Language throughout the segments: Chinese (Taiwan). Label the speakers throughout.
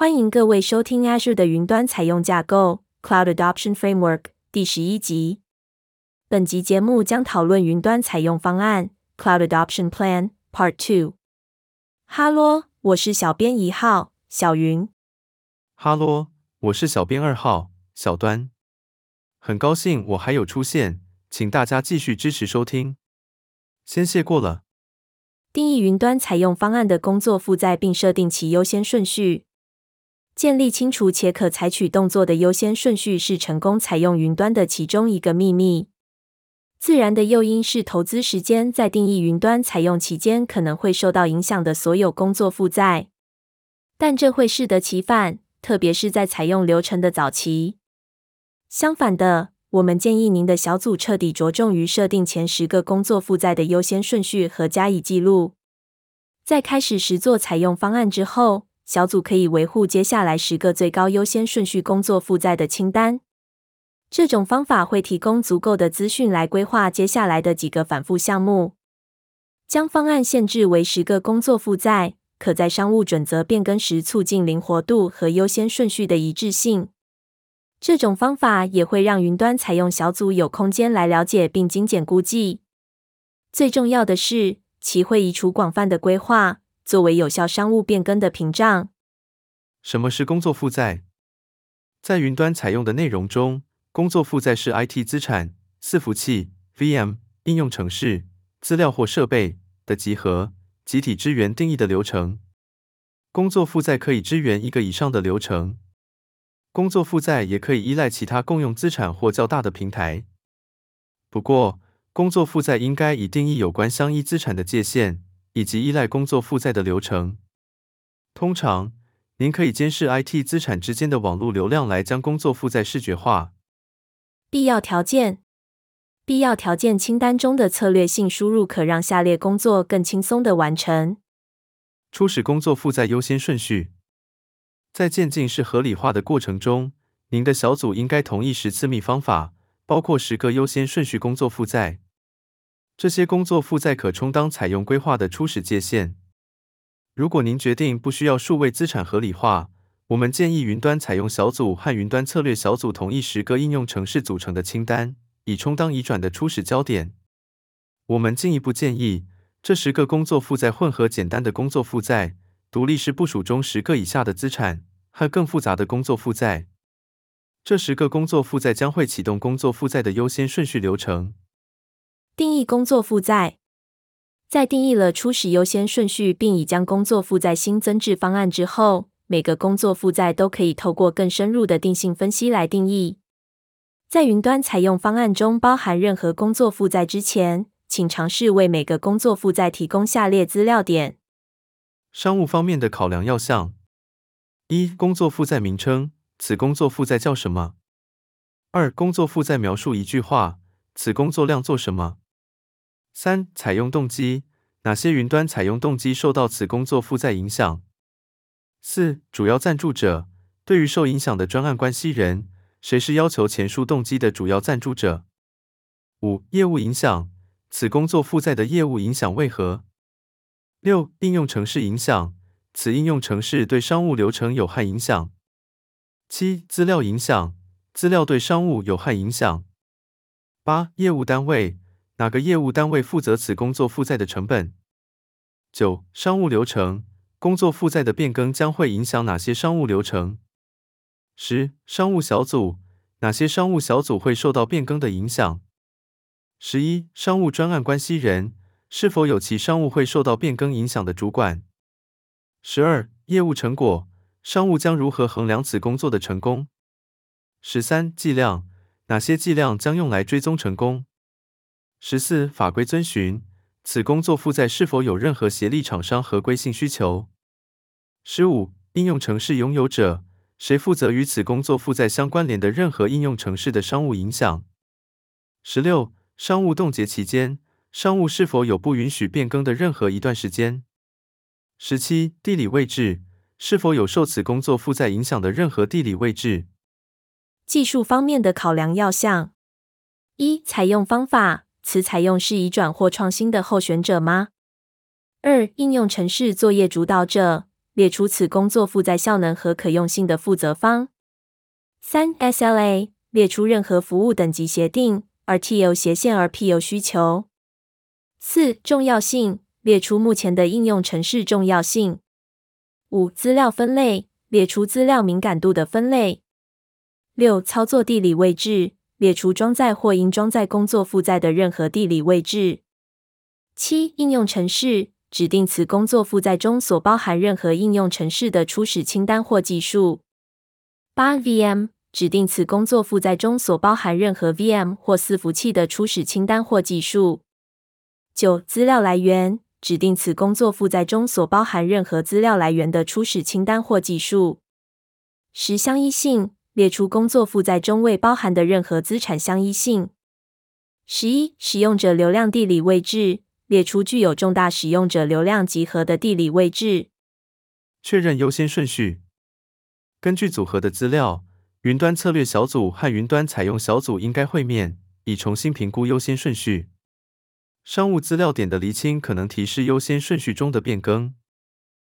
Speaker 1: 歡迎各位收聽 Azure 的雲端採用架構 Cloud Adoption Framework 第十一集。本集節目將討論雲端採用方案 Cloud Adoption Plan Part Two。哈嘍，我是小編一號小雲。
Speaker 2: 哈嘍，我是小編二號小端。很高興我還有出現，請大家繼續支持收聽。先謝過了。
Speaker 1: 定義雲端採用方案的工作負載，並設定其優先順序。建立清楚且可採取動作的優先順序是成功採用雲端的其中一個秘密。自然的誘因是投資時間，在定義雲端採用期間可能會受到影響的所有工作負載，但這會適得其反，特別是在採用流程的早期。相反的，我們建議您的小組徹底着重於設定前十個工作負載的優先順序和加以記錄，在開始實作採用方案之後。小組可以維護接下來十個最高優先順序工作負載的清單。這種方法會提供足夠的資訊來規劃接下來的幾個反復項目。將方案限制為十個工作負載，可在商務準則變更時促進靈活度和優先順序的一致性。這種方法也會讓雲端採用小組有空間來了解並精簡估計。最重要的是，其會移除廣泛的規劃。作為有效商務變更的屏障。
Speaker 2: 什麼是工作負載？在雲端採用的內容中，工作負載是 IT 資產、伺服器、VM、應用程式、資料或設備的集合，集體支援定義的流程。工作負載可以支援一個以上的流程。工作負載也可以依賴其他共用資產或較大的平台。不過，工作負載應該以定義有關相依資產的界限。以及依賴工作負載的流程。通常，您可以監視 IT 資產之間的網絡流量來將工作負載視覺化。
Speaker 1: 必要條件。必要條件清單中的策略性輸入可讓下列工作更輕鬆地完成。
Speaker 2: 初始工作負載優先順序。在漸進式合理化的過程中，您的小組應該同意十次冪方法，包括十個優先順序工作負載。這些工作負載可充當採用規劃的初始界限。如果您決定不需要數位資產合理化，我們建議雲端採用小組和雲端策略小組同意十個應用程式組成的清單，以充當移轉的初始焦點。我們進一步建議，這十個工作負載混合簡單的工作負載、獨立式部署中十個以下的資產和更複雜的工作負載。這十個工作負載將會啟動工作負載的優先順序流程。
Speaker 1: 定義工作負載。在定義了初始優先順序，並已將工作負載新增至方案之後，每個工作負載都可以透過更深入的定性分析來定義。在雲端採用方案中包含任何工作負載之前，請嘗試為每個工作負載提供下列資料點：
Speaker 2: 商務方面的考量要項：一、工作負載名稱，此工作負載叫什麼？二、工作負載描述一句話，此工作量做什麼？三、採用動機，哪些雲端採用動機受到此工作負載影響？四、主要贊助者，對於受影響的專案關係人，誰是要求前述動機的主要贊助者？五、業務影響，此工作負載的業務影響為何？六、應用程式影響，此應用程式對商務流程有害影響？七、資料影響，資料對商務有害影響？八、業務單位。哪個業務單位負責此工作負載的成本？九、商務流程，工作負載的變更將會影響哪些商務流程？十、商務小組，哪些商務小組會受到變更的影響？十一、商務專案關係人，是否有其商務會受到變更影響的主管？十二、業務成果，商務將如何衡量此工作的成功？十三、計量，哪些計量將用來追蹤成功？十四、法規遵循，此工作負載是否有任何協力廠商合規性需求？十五、應用程式擁有者，誰負責與此工作負載相關聯的任何應用程式的商務影響？十六、商務凍結期間，商務是否有不允許變更的任何一段時間？十七、地理位置，是否有受此工作負載影響的任何地理位置？
Speaker 1: 技術方面的考量要項：一、採用方法。此採用是移轉或創新的候選者嗎？二應用程式作業主導者，列出此工作負載效能和可用性的負責方。三 SLA，列出任何服務等級協定，RTO 斜線 RPO 需求。四重要性，列出目前的應用程式重要性。五資料分類，列出資料敏感度的分類。六操作地理位置。列出裝載或應裝載工作負載的任何地理位置。七、應用程式，指定此工作負載中所包含任何應用程式的初始清單或計數。八、VM，指定此工作負載中所包含任何 VM 或伺服器的初始清單或計數。九、資料來源，指定此工作負載中所包含任何資料來源的初始清單或計數。十、相依性。列出工作負載中未包含的任何資產相依性。十一、使用者流量地理位置：列出具有重大使用者流量集合的地理位置。
Speaker 2: 確認優先順序。根據組合的資料，雲端策略小組和雲端採用小組應該會面，以重新評估優先順序。商務資料點的釐清可能提示優先順序中的變更。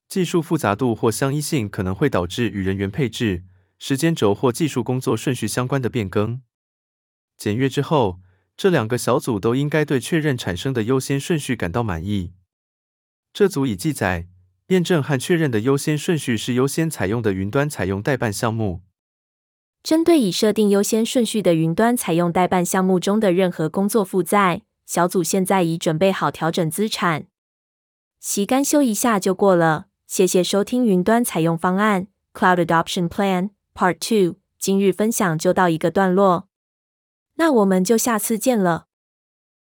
Speaker 2: 技術複雜度或相依性可能會導致與人員配置。時間軸或技術工作順序相關的變更，檢閱之後，這兩個小組都應該對確認產生的優先順序感到滿意。這組已記載驗證和確認的優先順序是優先採用的雲端採用待辦項目。
Speaker 1: 針對已設定優先順序的雲端採用待辦項目中的任何工作負載，小組現在已準備好調整資產。其干修一下就過了。謝謝收聽雲端採用方案 （Cloud Adoption Plan）。Part two，今日分享就到一個段落。那我們就下次見了。